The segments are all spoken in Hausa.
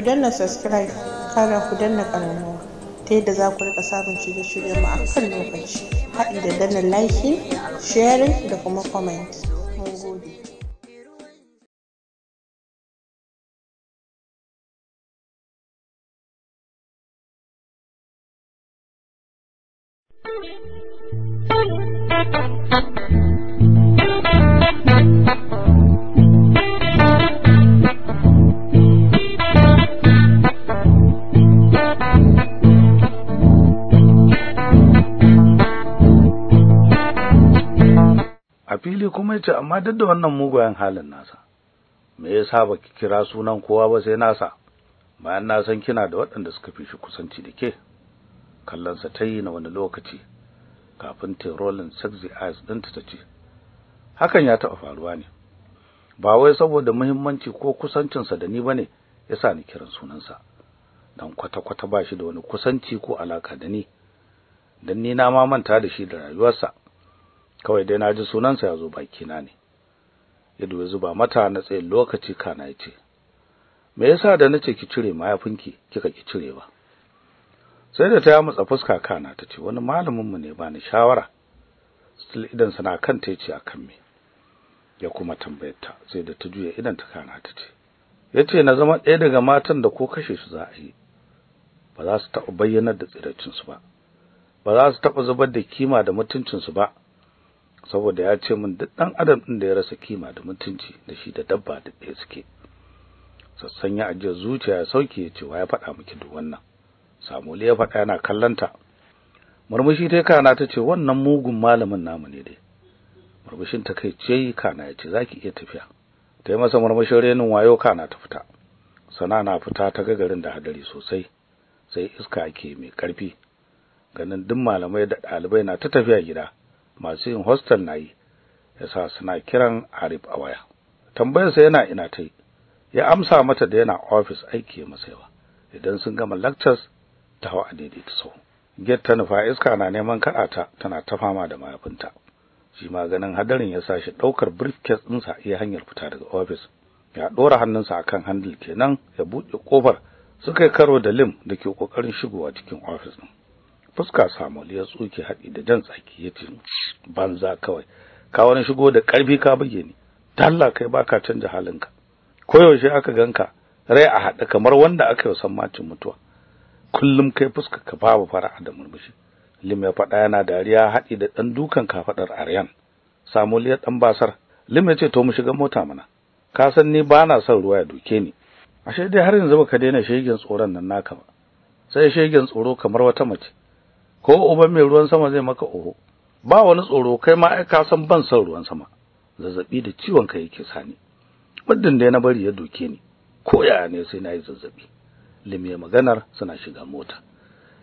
ku danna subscribe kara ku danna karamo ta yadda za ku rika samun shirye-shiryen mu a kan lokaci haɗi da danna liking sharing da kuma comment fili kuma ya ce amma duk da wannan mugayen halin nasa me yasa baki kira sunan kowa ba sai nasa bayan na san kina da waɗanda suka fi shi kusanci da ke kallonsa ta yi na wani lokaci kafin ta rolling sexy eyes ɗinta ta ce hakan ya taɓa faruwa ne ba wai saboda muhimmanci ko kusancinsa da ni ba bane yasa ni kiran sunansa dan kwata-kwata ba shi da wani kusanci ko alaka da ni dan ni na ma manta da shi da rayuwarsa kawai dai na ji sunansa yazo zo bakina ne ido ya zuba mata na tsayin lokaci kana yace me yasa da nace ki cire mayafinki kika ki cire ba sai da ta ya matsa fuska kana ta ce wani malamin mu ne bani shawara still idan sana kan ta yace akan me ya kuma tambayarta sai da ta juya idan ta kana tace yace na zama ɗaya daga matan da ko kashe su za a yi ba za su taɓa bayyanar da tsiracin su ba ba za su taɓa zubar da kima da mutuncin su ba saboda ya ce min duk dan adam din da ya rasa kima da mutunci da shi da dabba da ɗaya suke sassan ya ajiyar zuciya ya sauke ya ce wa ya faɗa miki duk wannan samuli ya faɗa yana kallanta murmushi ta kana ta ce wannan mugun malamin namu ne dai murmushin ta kai ce kana ya ce zaki iya tafiya ta yi masa murmushin renin wayo kana ta fita sana na fita ta ga garin da hadari sosai sai iska ke mai karfi ganin duk malamai da ɗalibai na ta tafiya gida masu yin hostel na yi ya sa suna kiran Arif a waya tambayarsa yana ina ta yi ya amsa mata da yana ofis aiki masa yawa idan sun gama lectures ta hawa daidai ta so get ta nufa iska na neman kaɗa ta tana ta fama da mayafinta shi ma ganin hadarin ya sa shi ɗaukar briefcase ɗinsa iya hanyar fita daga ofis ya ɗora hannunsa kan handle kenan ya buɗe ƙofar suka yi karo da lim da ke ƙoƙarin shigowa cikin ofis. ɗin fuska samuel ya tsuke haɗi da jan tsaki ya banza kawai ka wani shigo da ƙarfi ka buge ni talla kai baka canja halinka koyaushe aka ganka rai a haɗe kamar wanda aka yi san macin mutuwa kullum kai fuska ka babu fara'a da murmushi lim ya faɗa yana dariya haɗi da ɗan dukan kafaɗar aryan samuel ya ɗan basar lim ya ce to mu shiga mota mana ka san ni ba na son ruwa ya duke ni ashe dai har yanzu baka daina shegen tsoron nan naka ba sai shegen tsoro kamar wata mace ko uban mai ruwan sama zai maka oho ba wani tsoro kai ma ai ka san ban san ruwan sama zazzabi da ciwon kai yake sani muddin da na bari ya doke ni ko yaya ne sai na yi zazzabi lim ya maganar suna shiga mota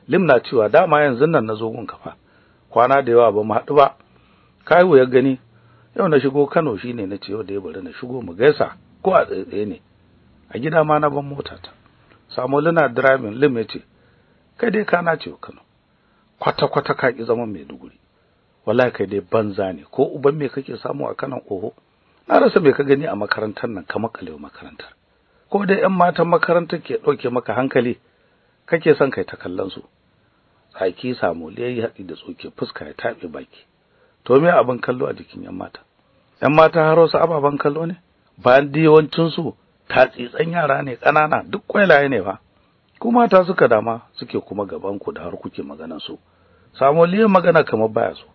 lim na cewa dama yanzu nan na zo gun kafa kwana da yawa ba mu haɗu ba Kai ya gani yau na shigo Kano shine na ce yau da ya bari na shigo mu gaisa ko a tsaye ne a gida ma na ban mota ta Samuel luna driving lim ya ce kai dai kana ce Kano kwata-kwata ka ki zaman Maiduguri wallahi kai dai banza ne ko uban me kake samu a kanan oho na rasa me ka gani a makarantar nan ka makale makarantar ko dai 'yan matan makarantar ke ɗauke maka hankali kake son kai ta kallon su tsaki samu yayi hadi da tsoke fuska ya taɓe baki to me abin kallo a jikin 'yan mata 'yan mata har wasu ababen kallo ne bayan diwancin su tatsitsan yara ne ƙanana duk kwailaye ne fa ku mata suka dama suke kuma gaban ku da har kuke magana su samu ya magana kamar baya so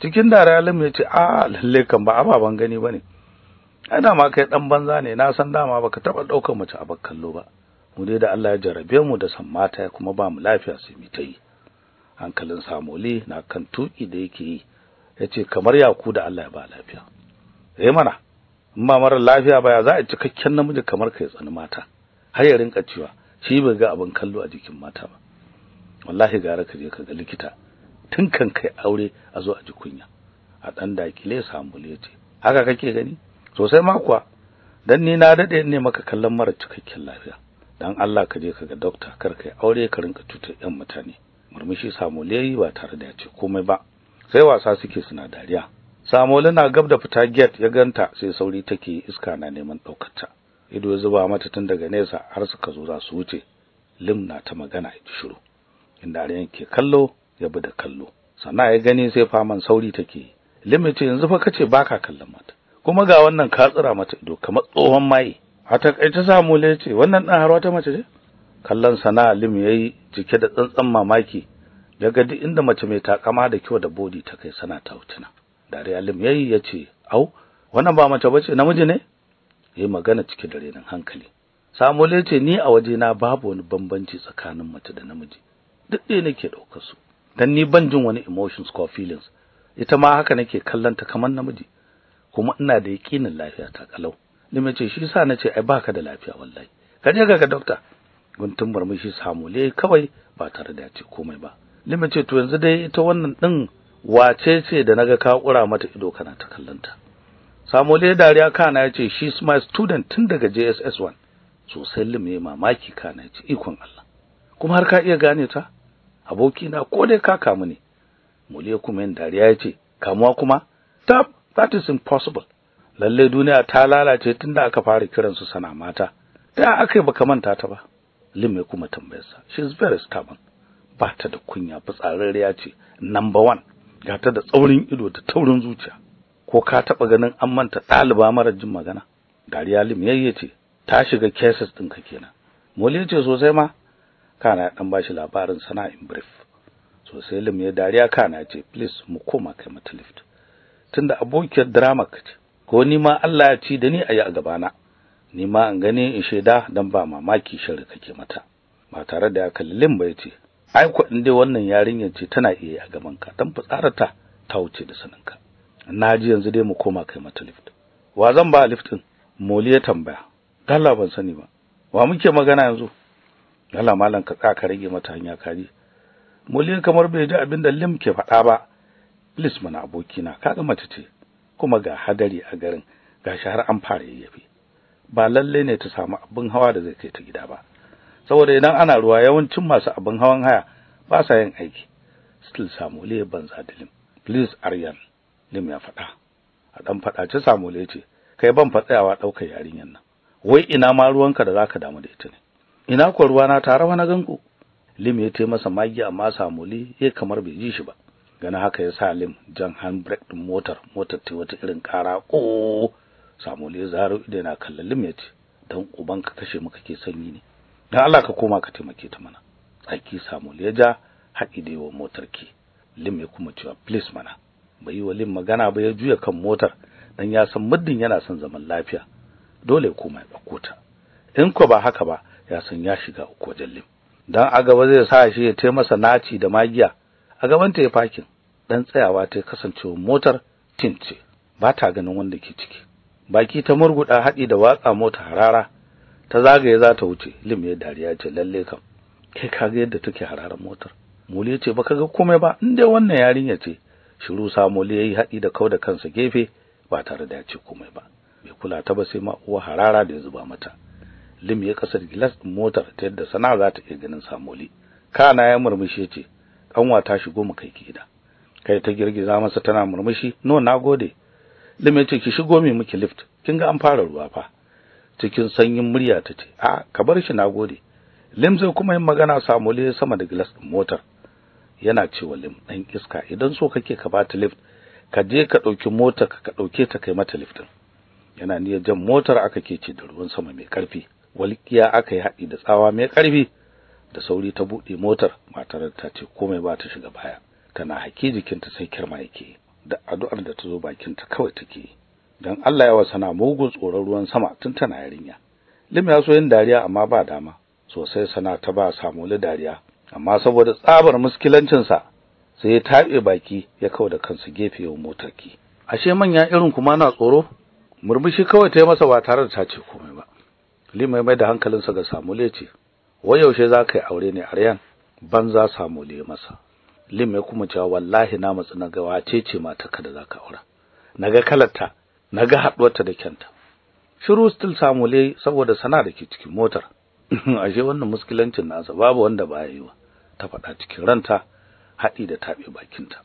cikin dare Alim ya ce a lalle kan ba ababan gani bane ai dama kai dan banza ne na san dama baka taba daukar mace a kallo ba mu dai da Allah ya jarabe mu da san mata kuma ba mu lafiya sai mu tayi hankalin Samoli na kan tuki da yake yi yace kamar yaku da Allah ya ba lafiya eh mana in ba mara lafiya ba ya za a ci cikakken namiji kamar kai tsani mata har ya rinka cewa shi bai ga abin kallo a jikin mata ba wallahi gara ka je ka ga likita tun kan kai aure a zo a ji kunya a dan dakile ya ce haka kake gani sosai ma kuwa dan ni na dade ne maka kallon mara cikakken lafiya dan Allah ka je ka ga doctor kar kai aure ka rinka tutar yan mutane murmushi samule yi ba tare da ya ce komai ba sai wasa suke suna dariya samole na gab da fita gate ya ganta sai sauri take iska na neman daukar ta ido ya zuba mata tun daga nesa har suka zo za su wuce lim na ta magana ya shiru inda aryan ke kallo ya bi da kallo Sana'a ya gani sai faman sauri take lim ce yanzu fa kace baka kallon mata kuma ga wannan ka tsira mata ido kamar tsohon mai a ta samu lece wannan dan har wata mace ce kallon sana lim yayi cike da tsantsan mamaki daga duk inda mace mai takama da kyau da bodi ta kai sana ta hutuna dariya lim yayi yace au wannan ba mace bace namiji ne yi magana cike da renin hankali Samuel ya ce ni a waje na babu wani bambanci tsakanin mace da namiji duk ɗaya nake ɗaukar su dan ni ban jin wani emotions ko feelings ita ma haka nake kallon ta kamar namiji kuma ina da yakinin lafiya ta kalau ni ce shi yasa nace ai baka da lafiya wallahi ka je ga doctor guntun murmushi Samuel kawai ba tare da ya ce komai ba Ni ce to yanzu dai ita wannan din wace ce da naga ka kura mata ido kana ta kallon ta Samuel ya dariya kana ya ce is my student tun daga JSS 1 Sosai, Salim ne mamaki kana ya ce ikon Allah kuma har ka iya gane ta aboki na ko dai ka kamu ne Mule kuma yin dariya ya ce kamuwa kuma tab that is impossible lalle duniya ta lalace tunda aka fara kiran su sana mata da aka baka manta ta ba Lim ya kuma tambayarsa is very stubborn ba ta da kunya fitsararriya ce number one ga ta da tsaurin ido da taurin zuciya ko ka taɓa ganin an manta ɗaliba mara jin magana dariya lim yayye ce ta shiga cases ka kenan mole ce sosai ma kana ya ɗan bashi labarin sana in brief sosai lim ya dariya kana ce please mu koma kai mata lift tunda abokiyar drama kace ko ni ma Allah ya ci da ni a yi a gabana ni ma an gane in shaida dan ba mamaki shari kake mata ba tare da ya kalli lim ba yace ce ai kuɗin dai wannan yarinyar ce tana iya a gaban ka dan fitsarata ta wuce da saninka na ji yanzu dai mu koma kai mata lift wa zan ba liftin moli ya tambaya Allah ban sani ba wa muke magana yanzu Yana malam ka tsaka rage mata hanya kaji moli kamar bai ji abin da lim ke faɗa ba please mana abokina kaga mace ce kuma ga hadari a garin gashi har an fara yayyafi ba lalle ne ta samu abin hawa da zai kai ta gida ba saboda idan ana ruwa yawancin masu abin hawan haya ba sa yin aiki still samu le banza dilim please aryan lim ya faɗa a ɗan faɗa ci samu ce kai ban fatsayawa ɗaukar yarinyar nan wai ina ma ruwanka da ka damu da ita ne ina ko ruwana ta rawa na ganku lim ya taimasa masa magi amma samule ya kamar bai ji shi ba gana haka ya sa lim jan handbrake din motar motar ta wata irin kara ko oh! Samule ya zaro ido yana kallon lim ya ce dan uban ka kashe mu kake sanyi ne dan Allah ka koma ka taimake ta mana tsaki samule ya ja haƙi da yawan motar ki lim ya kuma cewa please mana bai yi wa Lin magana ba ya juya kan motar dan ya san muddin yana son zaman lafiya dole kuma ya dauko ta in ko ba haka ba ya san ya shiga uku wajen Lin dan a gaba zai sa shi ya tai masa naci da magiya a gaban ta ya fakin dan tsayawa ta kasancewa motar tince ba ta ganin wanda ke ciki baki ta murguɗa, haɗi da watsa mota harara ta zagaye za ta wuce lim ya dariya ce lalle kam kai kaga yadda take hararar motar mole ce baka ga komai ba in dai wannan yarinya ce shiru samoli ya yi haɗi da kau da kansa gefe ba tare da ya ce komai ba bai kula ta ba sai ma uwa harara da ya zuba mata lim ya kasar gilas ɗin motar ta yadda sana za ta iya ganin samoli kana ya murmushe ce kanwa ta shigo mu kai gida kai ta girgiza masa tana murmushi no gode? lim ya ce ki shigo mu miki lift kin ga an fara ruwa fa cikin sanyin murya ta ce a ka bar shi na gode. lim zai kuma yin magana samoli sama da gilas ɗin motar yana cewa lim ɗan iska idan so kake ka bata lift ka je ka ɗauki mota ka ɗauke ta kai mata liftin yana niyyar jan motar aka ke ce da ruwan sama mai ƙarfi walƙiya aka yi haɗi da tsawa mai ƙarfi da sauri ta buɗe motar matar ta ce komai ba ta shiga baya tana haƙi jikinta sai kirma yake da addu'ar da ta zo bakinta kawai take dan Allah ya wasana mugun tsoron ruwan sama tun tana yarinya lim ya so yin dariya amma ba dama sosai sana ta ba samu dariya amma saboda tsabar muskilancinsa sai ya taɓe baki ya kawo da kansa gefe yau motarki ashe manya irin kuma na tsoro murmushi kawai ta yi masa ba tare da ta ce komai ba limai mai da hankalinsa ga samule ce wai yaushe za ka yi aure ne aryan ban za samule masa limai kuma cewa wallahi na matsi na gawa ce ce matarka da za ka aura na ga kalarta na ga haɗuwarta da kyanta shiru stil samule saboda sana da ke cikin motar ashe wannan muskilancin nasa babu wanda ba yi wa ta faɗa cikin ranta haɗi da taɓe bakinta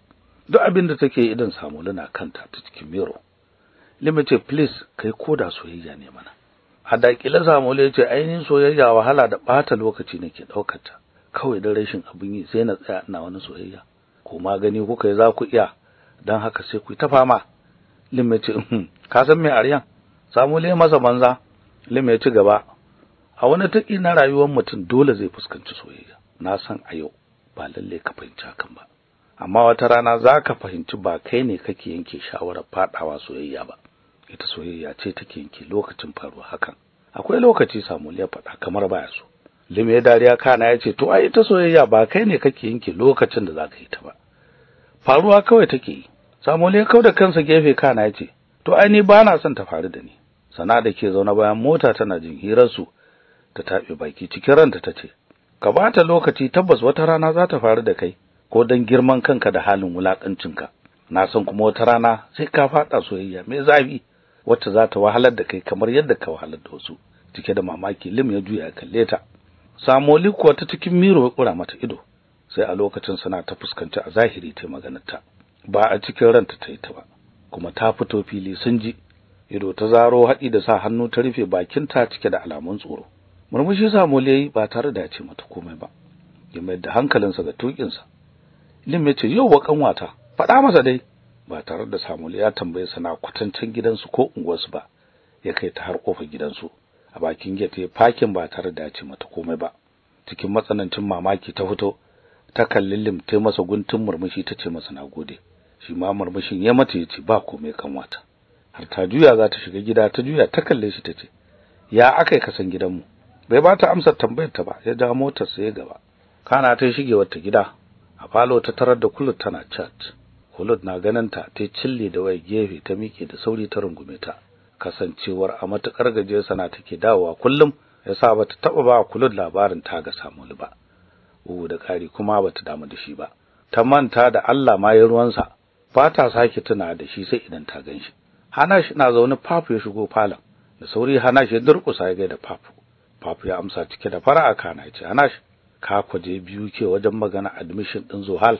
duk abin da take idan Samulu na kanta ta cikin miro Limi ce please kai koda soyayya ne mana hadakila Samulu yace ainihin soyayya wahala da ɓata lokaci nake daukar ta kawai dan rashin abin yi sai na tsaya ina wani soyayya ko ma gani kuka yi za ku iya dan haka sai ku ta fama Limi ce uhm, ka san me aryan Samulu masa banza Limi ya gaba a wani duk na rayuwar mutum dole zai fuskanci soyayya na san a yau ba lalle ka fahimci hakan ba amma wata rana za ka fahimci ba kai ne kake yanke shawarar fadawa soyayya ba ita soyayya ce take yanke lokacin faruwa hakan akwai lokaci samuel ya faɗa kamar baya so lime dariya kana ya ce to ai ita soyayya ba kai ne kake yanke lokacin da za ka yi ta ba faruwa kawai take yi samuel ya kau da kansa gefe kana ya ce to ai ni ba na son ta faru da ni sana da ke zaune bayan mota tana jin hirar su. ta tafi baki cikin ranta ta ce ka ba ta lokaci tabbas wata rana za ta faru da kai ko don girman kanka da halin wulaƙancinka na san kuma wata rana sai ka faɗa soyayya mai zafi wacce za ta wahalar da kai kamar yadda ka wahalar da wasu cike da mamaki lim ya juya kalle ta samoli kuwa ta cikin miro ya ƙura mata ido sai a lokacin suna ta fuskanci a zahiri ta maganarta ba a cikin ranta ta yi ta ba kuma ta fito fili sun ji ido ta zaro haɗi da sa hannu ta rufe bakinta cike da alamun tsoro murmushi ya yi ba tare da ya ce mata komai ba ya mayar da hankalinsa ga tukinsa Lim ya ce yau wa kanwata faɗa masa dai ba tare da Samuel ya tambaye sana kwatancin gidansu ko unguwarsu ba ya kai ta har kofar gidansu a bakin gate ya fakin ba tare da ya ce mata komai ba cikin matsanancin mamaki ta fito ta kalli Lim ta masa guntun murmushi ta ce masa nagode shi ma murmushin ya mata ya ce ba komai kanwata har ta juya za ta shiga gida ta juya ta kalle shi ta ce ya akai yi kasan gidanmu bai ba ta amsar tambayar ta ba ya ja motar sa ya gaba kana ta shige wata gida a falo ta tarar da kulut tana chat kulut na ganin ta ta cille da waya gefe ta miƙe da sauri ta rungume ta kasancewar a matukar gaje sana take dawowa kullum yasa bata taba ba kulut labarin ta ga Samuel ba ugu da kari kuma bata damu da shi ba ta manta da Allah ma ya ruwansa ba ta sake tuna da shi sai idan ta ganshi hana shi na zaune papu ya shigo falon da sauri hana shi durƙusa ya da papu. Papu ya amsa cike da fara'a kana ce Hanash ka kwaje biyu ke wajen magana admission din Zohal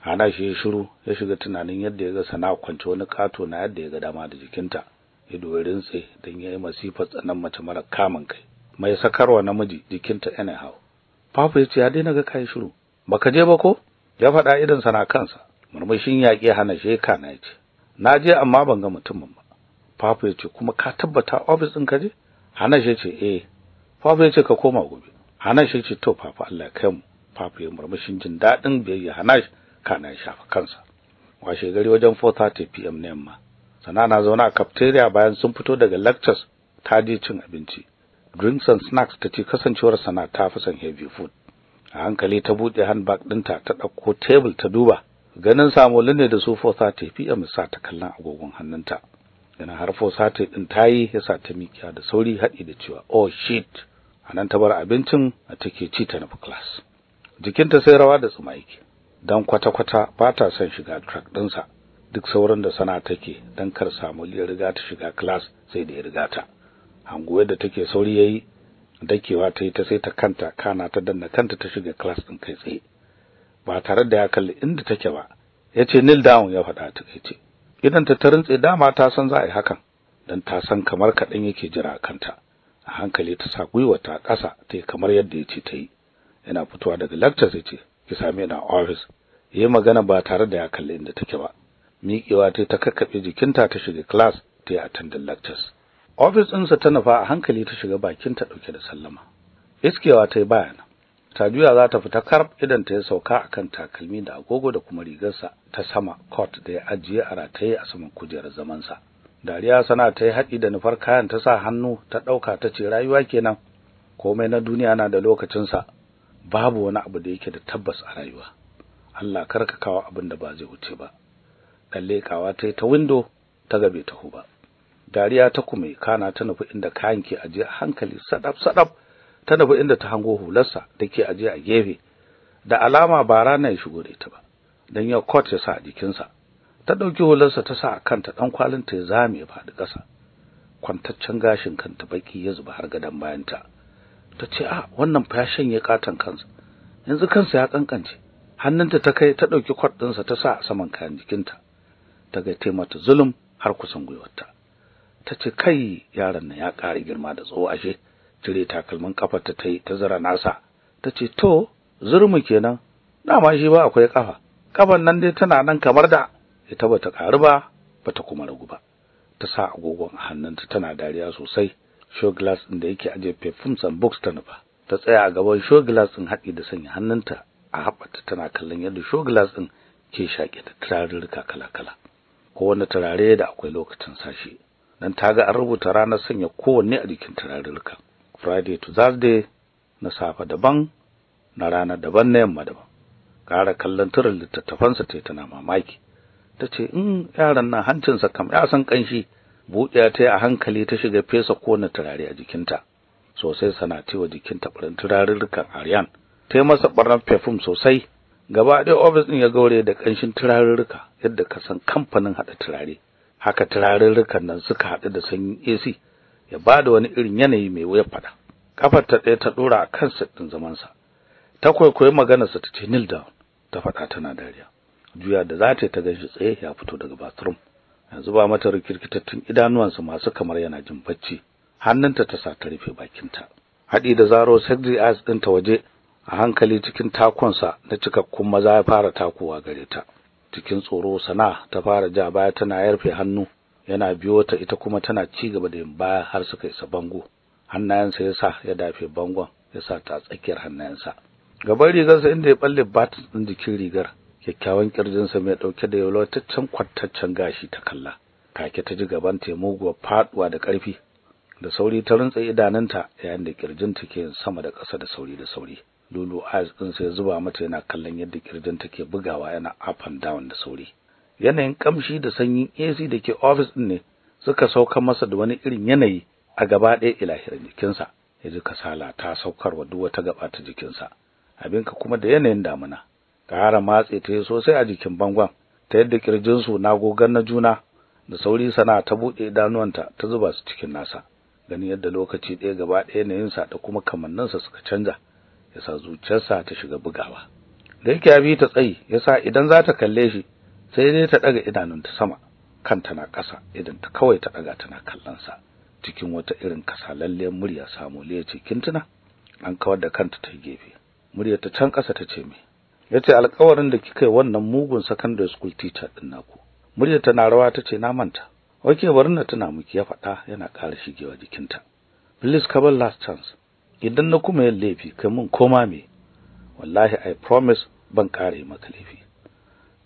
Hanash ya shiru ya shiga tunanin yadda ya ga sana'a kwance wani kato na yadda ya ga dama da jikinta ya doyi rintse don ya yi masifar tsanan mace mara kamun kai mai sakarwa namiji jikinta hawo Papu ya ce ya daina ga kai shiru baka je ba ko ya faɗa idan sana kansa murmushin yaƙi hana sheka kana ce. na je amma ban ga mutumin ba Papu ya ce kuma ka tabbata office ɗin ka je hana shi ce eh Fafu ya ce ka koma gobe hanash ya ce to Fafu Allah ya kai mu Fafu ya murmushin jin daɗin biyayya hanash kana ya shafa kansa washe gari wajen 4:30 pm na yamma sana na zauna a cafeteria bayan sun fito daga lectures ta je cin abinci drinks and snacks ta ce kasancewar sana ta fi son heavy food a hankali ta buɗe handbag ɗinta ta ɗauko table ta duba ganin samolin ne da su 4:30 pm sa ta kallon agogon hannunta yana har 4:30 ɗin ya sa ta mikiya da sauri haɗi da cewa oh shit a nan ta bar abincin a take ci ta nufi class jikinta sai rawa da tsuma yake dan kwata-kwata ba ta son shiga truck ɗinsa duk sauran da sana take dan kar samu ya riga ta shiga class sai da ya riga ta hanguwar da take sauri yayi dakewa ta yi ta sai ta kanta kana ta danna kanta ta shiga class din kai tsaye ba tare da ya kalli inda take ba yace nil down ya faɗa ta kai ce idan ta rintse dama ta san za a yi hakan dan ta san kamar kaɗan yake jira kanta a hankali ta sa gwiwa ta ƙasa ta yi kamar yadda ya ce ta yi yana fitowa daga lecture ya ce ki same na a office Yi magana ba tare da ya kalli inda take ba miƙewa ta ta kakkaɓe jikinta ta shiga class ta yi attending lectures office ɗinsa ta nufa a hankali ta shiga bakin ta ɗauke da sallama iskewa ta yi bayana ta juya za ta fita karb idan ta ya sauka a kan takalmi da agogo da kuma rigarsa ta sama court da ya ajiye a rataye a saman kujerar zamansa dariya sana ta yi haɗi da nufar kayan ta sa hannu ta ɗauka ta ce rayuwa kenan komai na duniya na da lokacinsa babu wani abu da yake da tabbas a rayuwa Allah karka kawo abin da ba zai wuce ba kalle kawa ta yi ta windo ta gabe ta huba dariya ta kuma kana ta nufi inda kayan ke aje a hankali sadaf sadaf. ta nufi inda ta hango hularsa da ke aje a gefe da alama ba rana ya shigo da ita ba Don ya kot ya sa a jikinsa ta dauki hularsa ta sa a kanta dan kwalinta ya zame ya fadi ƙasa kwantaccen gashin kanta baki ya zuba har gadan bayanta ta ce a ah, wannan fa ya shanye katan kansa yanzu kansa ya kankance hannunta ta kai ta dauki kwat ɗinsa ta sa a saman kayan jikinta ta ga mata zulum har kusan gwiwarta ta ce kai yaron nan ya kare girma da tsawo ashe cire takalmin kafar ta tai ta zara nasa ta ce to zurmi kenan dama shi ba akwai kafa kafan nan dai tana nan kamar da ita bata karu ba bata kuma ragu ba ta sa agogon a hannunta tana dariya sosai show glass din da yake aje perfume and books ta nufa ta tsaya a gaban show glass din haɗi da sanya hannunta a haɓata tana kallon yadda show glass din ke shaƙe da turarurruka kala-kala kowane turare da akwai lokacin sashi dan ta ga an rubuta ranar sanya kowanne a jikin turarurruka friday to thursday na safa daban na rana daban na yamma daban ƙara kallon turin littattafansa ta tana mamaki ta ce in mm, yaran nan hancinsa kam ya san kanshi buɗiya ta a hankali ta shiga fesa kona turare a jikinta sosai sana cewa jikinta barin turarurrukan aryan ta yi masa barnar perfume sosai gaba ɗaya ofis ɗin ya gaure da ƙanshin turarurruka yadda ka san kamfanin haɗa turare haka turarurrukan nan suka haɗu da sanyin AC ya ba da wani irin yanayi mai wuya faɗa kafar ta ɗaya ta ɗora a kan ɗin zamansa ta kwaikwayi maganarsa ta ce nil down ta faɗa tana dariya juya da za ta ta ganshi tsaye ya fito daga bathroom yanzu ba mata rikirkitattun idanuwansa masu kamar yana jin bacci hannunta ta sa ta rufe bakinta haɗi da zaro sadri as ta waje a hankali cikin takonsa na cikakkun maza ya fara takuwa gare ta cikin tsoro sana ta fara ja baya tana yarfe hannu yana biyo ta ita kuma tana ci gaba da yin baya har suka isa bango hannayensa ya sa ya dafe bangon ya sa ta tsakiyar hannayensa gaban rigarsa inda ya balle bat ɗin jikin rigar kyakkyawan kirjinsa mai ɗauke da yalwataccen kwattaccen gashi ta kalla Kake ta ji gaban ta muguwar faduwa da ƙarfi da sauri ta rantsa idananta yayin da kirjinta ke sama da ƙasa da sauri da sauri lulu eyes din sai zuba mata yana kallon yadda kirjin ke bugawa yana up and down da sauri yanayin kamshi da sanyin AC da ke ofis ɗin ne suka sauka masa da wani irin yanayi a gaba ɗaya ilahirin jikinsa ya ji kasala ta saukarwa duk wata gaba ta jikinsa abinka kuma da yanayin damuna ƙara matse ta yi sosai a jikin bangon ta yadda kirjinsu na gogan na juna da sauri sana ta buɗe idanuwanta ta zuba su cikin nasa gani yadda lokaci ɗaya gaba ɗaya na yinsa da kuma kamanninsa suka canja sa zuciyarsa ta shiga bugawa da yake abi ta tsayi yasa idan za ta kalle shi sai dai ta ɗaga idanunta sama kanta na ƙasa idan ta kawai ta ɗaga tana kallon sa, cikin wata irin kasalalliyar murya samu ya ce kin tuna an kawar da kanta ta gefe murya ta can ƙasa ta ce me yace alƙawarin da kika yi wannan mugun secondary school teacher din naku murya tana rawa tace na manta wake bari na tuna miki ya faɗa yana ƙara shigewa jikinta please come last chance idan na kuma yin laifi kai mun koma me wallahi i promise ban kare maka laifi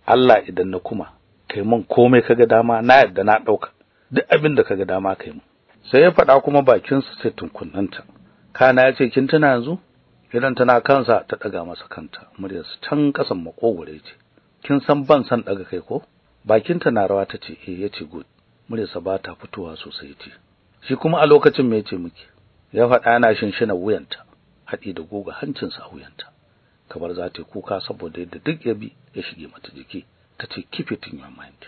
Allah idan na kuma kai mun komai kaga dama na yadda na ɗauka. duk abin da kaga dama kai mun sai ya faɗa kuma bakin su sai tunkunnanta kana yace kin tana yanzu idan tana kansa ta daga masa kanta muryar can kasan makogore ce kin san ban san daga kai ko bakinta na rawa tace eh yace good muryarsa ba ta fitowa sosai ce shi kuma a lokacin me yace miki ya faɗa yana shinshina wuyanta haɗi da goga hancinsa a wuyanta kamar za ta kuka saboda yadda duk ya bi ya shige mata jiki tace keep it in your mind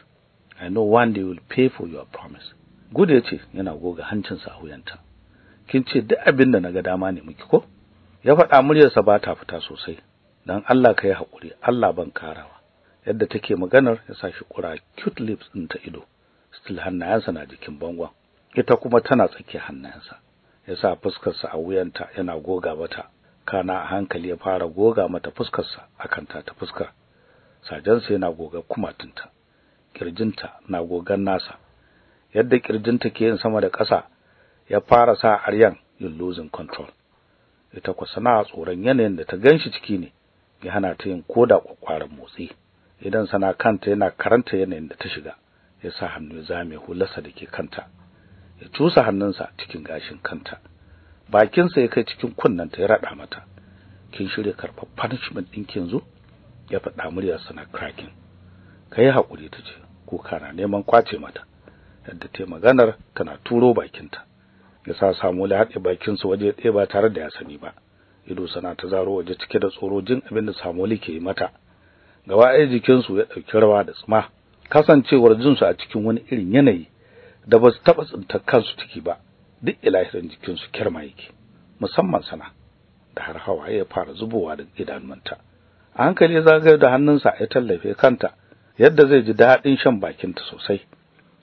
i know one day will pay for your promise good yace yana goga hancin sa wuyanta kin ce duk abin da naga dama ne miki ko ya faɗa muryarsa ba ta fita sosai dan Allah ka yi haƙuri, Allah ban karawa yadda take maganar ya shi kura cute lips din ta ido still hannayensa na jikin bangon ita kuma tana tsakiyar hannayensa ya sa fuskarsa a wuyanta yana goga mata kana a hankali ya fara goga mata fuskarsa akan ta ta fuska, sajensa yana goga kumatunta kirjinta na gogan nasa yadda kirjinta ke yin sama da ƙasa ya fara sa aryan yin losing control ita sana tsoron yanayin da ta ganshi ciki ne ya hana ta yin koda kwakwaran motsi idan sana kanta yana karanta yanayin da ta shiga ya sa hannu zame hularsa ke kanta ya cusa hannunsa cikin gashin kanta bakinsa ya kai cikin ta ya rada mata kin shirya karfan punishment din yanzu ya faɗa muryar na cracking kai hakuri tace ko na neman kwace mata yadda ta maganar tana turo bakinta ya sa samu la haɗe su waje ɗaya ba tare da ya sani ba ido sana ta zaro waje cike da tsoro jin abin da samoli ke mata gaba ɗaya jikinsu ya ɗauki rawa da tsuma kasancewar jinsu a cikin wani irin yanayi da ba su taɓa tsinta kansu ciki ba duk ilahirin su kirma yake musamman sana da har hawa ya fara zubowa da idanunta a hankali ya zagayar da hannunsa ya tallafe kanta yadda zai ji daɗin shan bakinta sosai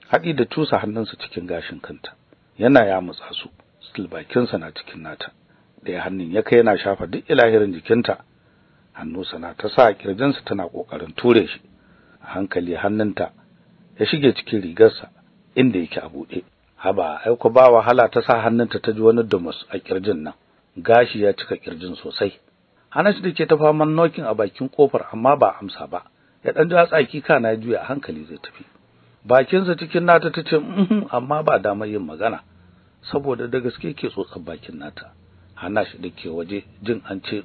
haɗi da cusa hannunsa cikin gashin kanta yana ya su still bakinsa na cikin nata ya hannun ya kai yana shafa duk ilahirin jikinta hannunsa na ta sa kirjinsa tana kokarin ture shi a hankali hannunta ya shige cikin rigarsa inda yake a buɗe haba ai ku ba wahala ta sa hannunta ta ji wani dumus a kirjin nan gashi ya cika kirjin sosai Hanashi da ke ta faman nokin a bakin kofar amma ba amsa ba ya dan ji tsaki kana juya hankali zai tafi bakinsa cikin nata ta ce amma ba damar yin magana saboda da gaske ke tsotsar bakin nata hana shi da ke waje jin an ce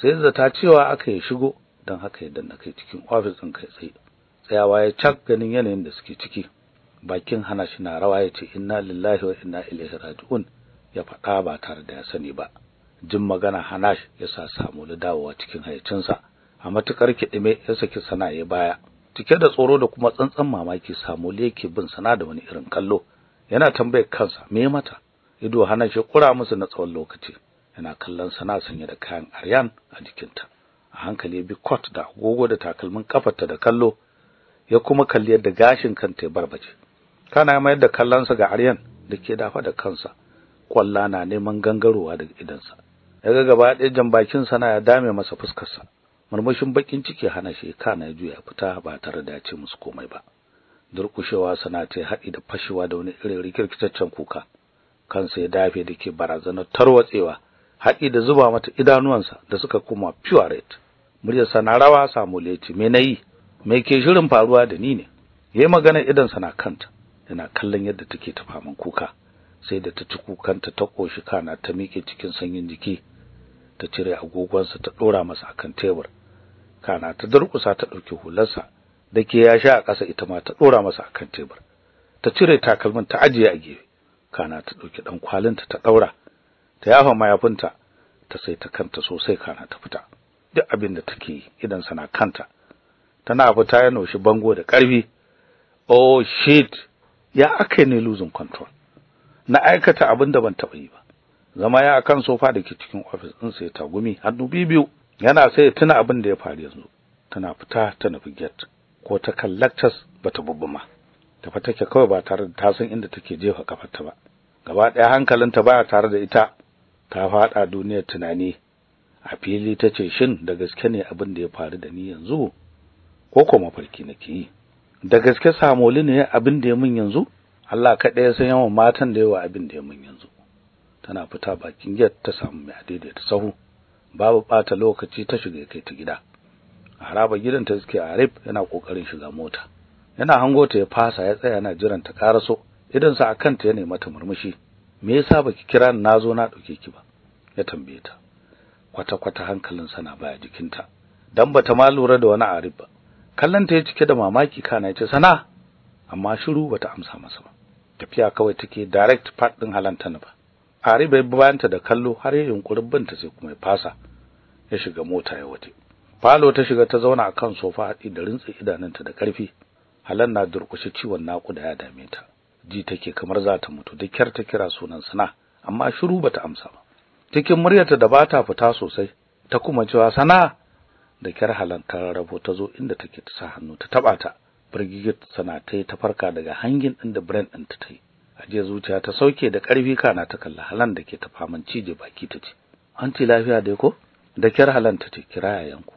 sai zata cewa aka yi shigo don haka ya danna kai cikin ofis ɗin kai tsaye tsayawa ya cak ganin yanayin da suke ciki bakin hana shi na rawa ya ce inna lillahi wa inna ilaihi raji'un ya faɗa ba tare da ya sani ba jin magana hana ya sa samu da dawowa cikin hayacinsa a matukar kiɗime ya saki sana'a ya baya cike da tsoro da kuma tsantsan mamaki samu yake bin sana da wani irin kallo yana tambayar kansa me mata ido hana shi kura musu na tsawon lokaci yana kallon sana sanye da kayan aryan a jikinta a hankali bi kot da agogo da takalmin kafarta da kallo ya kuma kalli yadda gashin kanta ya barbace kana mayar da kallonsa ga aryan da ke dafa da kansa kwalla na neman gangarowa daga idansa ya ga gaba ɗaya jan bakin sana ya dame masa fuskarsa murmushin bakin ciki hana shi kana juya fita ba tare da ce musu komai ba durkushewa sana ta haɗi da fashewa da wani irin rikirkitaccen kuka kansa ya dafe da ke barazanar tarwatsewa haɗi da zuba mata idanuwansa da suka kuma pure red muryarsa na rawa samu leci me nayi me ke shirin faruwa da ni ne yayi magana sa na kanta yana kallon yadda take ta faman kuka sai da ta ci kukanta ta koshi kana ta miƙe cikin sanyin jiki ta cire agogonsa ta dora masa akan tebur kana ta durƙusa ta ɗauki hularsa da ke ya sha a ƙasa ita ma ta tsora masa akan tebur ta cire takalmin ta ajiye a gefe kana ta ɗauki ɗan kwalinta ta ɗaura ta yafa mayafinta ta sai ta kanta sosai kana ta fita duk abin da take yi idan sana kanta tana fita ya noshi bango da ƙarfi oh shit ya aka ne losing control na aikata abin da ban taɓa yi ba zama ya akan sofa da ke cikin ofis ɗin sai ta tagumi hannu biyu yana sai tuna abin da ya faru yanzu tana fita ta nufi get, ko ta kallaktas ba bata bubbuma ta fata take kawai ba tare da ta san inda take jefa kafarta ba gaba ɗaya hankalinta baya tare da ita ta faɗa duniyar tunani a fili tace shin da gaske ne abin da ya faru da ni yanzu ko ko mafarki nake yi da gaske samoli ne abin da ya mun yanzu Allah kaɗai ya san yawan matan da yawa abin da ya mun yanzu tana fita bakin get ta samu mai daidaita sahu babu bata lokaci ta shiga kai ta gida a gidanta gidanta suke Arif yana kokarin shiga mota yana hango ta ya fasa ya tsaya yana jiran ta karaso idan sa akan ta ya nemi ta murmushi me yasa baki kira ni nazo na dauke ki ba ya tambaye ta kwata kwata hankalin sa na baya jikinta dan bata ma lura da wani Arif ba kallon ta ya cike da mamaki kana ya ce sana amma shiru bata amsa masa ba tafiya kawai take direct part din halanta ba fari bai bayanta da kallo har ya yunkuri binta sai kuma ya fasa ya shiga mota ya wuce falo ta shiga ta zauna akan sofa a da rintsi idanunta da ƙarfi halan na durkushe ciwon naƙuda ya dame ta ji take kamar za ta mutu da kyar ta kira sunan sana amma shiru bata amsa ba cikin muryarta da bata fita sosai ta kuma cewa sana da kyar halan ta rarrafo ta zo inda take ta sa hannu ta taba ta burgigit sana ta ta farka daga hangin din da brand din ta yi aje zuciya ta sauke da ƙarfi kana ta kalla halan da ke ta faman cije baki ta ce anti lafiya dai ko da kyar halan ta ce kira yayanku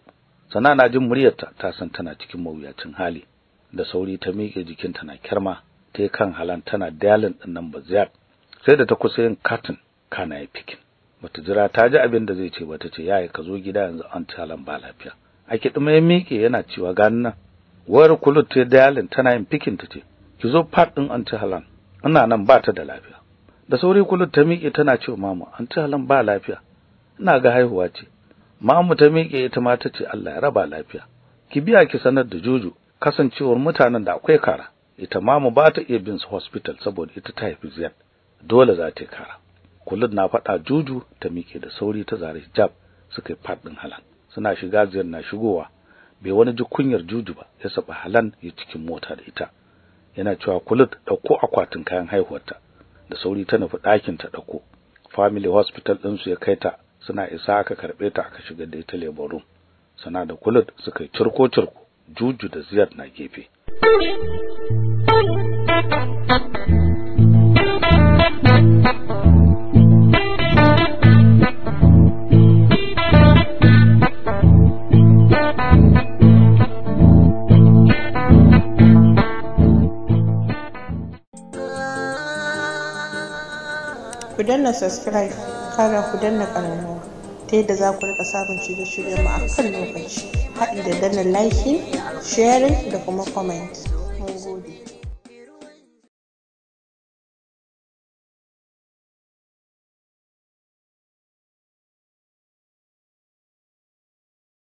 sana na jin muryarta ta san tana cikin mawuyacin hali da sauri ta miƙe jikinta na kyarma ta kan halan tana dalin ɗin nan baziyar sai da ta kusa yin katin kana ya fikin bata jira ta ji abin da zai ce bata ce yaya ka zo gida yanzu anti halan ba lafiya a kiɗima ya miƙe yana cewa ganin nan wayar kulut ta dalin tana yin fikin ta ce ki zo fat din anti halan ina nan ba ta da lafiya da sauri kullum ta miƙe tana ce mama an ci halan ba lafiya ina ga haihuwa ce mamu ta miƙe ita ma ta ce Allah ya raba lafiya ki biya ki sanar da Juju kasancewar mutanen da akwai kara ita mamu ba ta iya bin su hospital saboda ita ta haifi ziyar dole za ta yi kara kullum na faɗa Juju ta miƙe da sauri ta zare hijab suka yi faɗin halan suna shiga ziyar na shigowa bai wani ji kunyar juju ba ya saba halan ya cikin mota da ita yana cewa kulit dauko akwatin kayan haihuwarta da sauri ta nufi ɗakin ta dauko family hospital din su ya kai ta suna isa aka karbe ta aka shiga da ita labor room sana da kulit suka yi turko turko juju da ziyar na gefe danna subscribe kara ku danna ƙaramuwa ta yadda za ku rika samun shirye shiryen mu a kan lokaci haɗi da danna liking sharing da kuma comment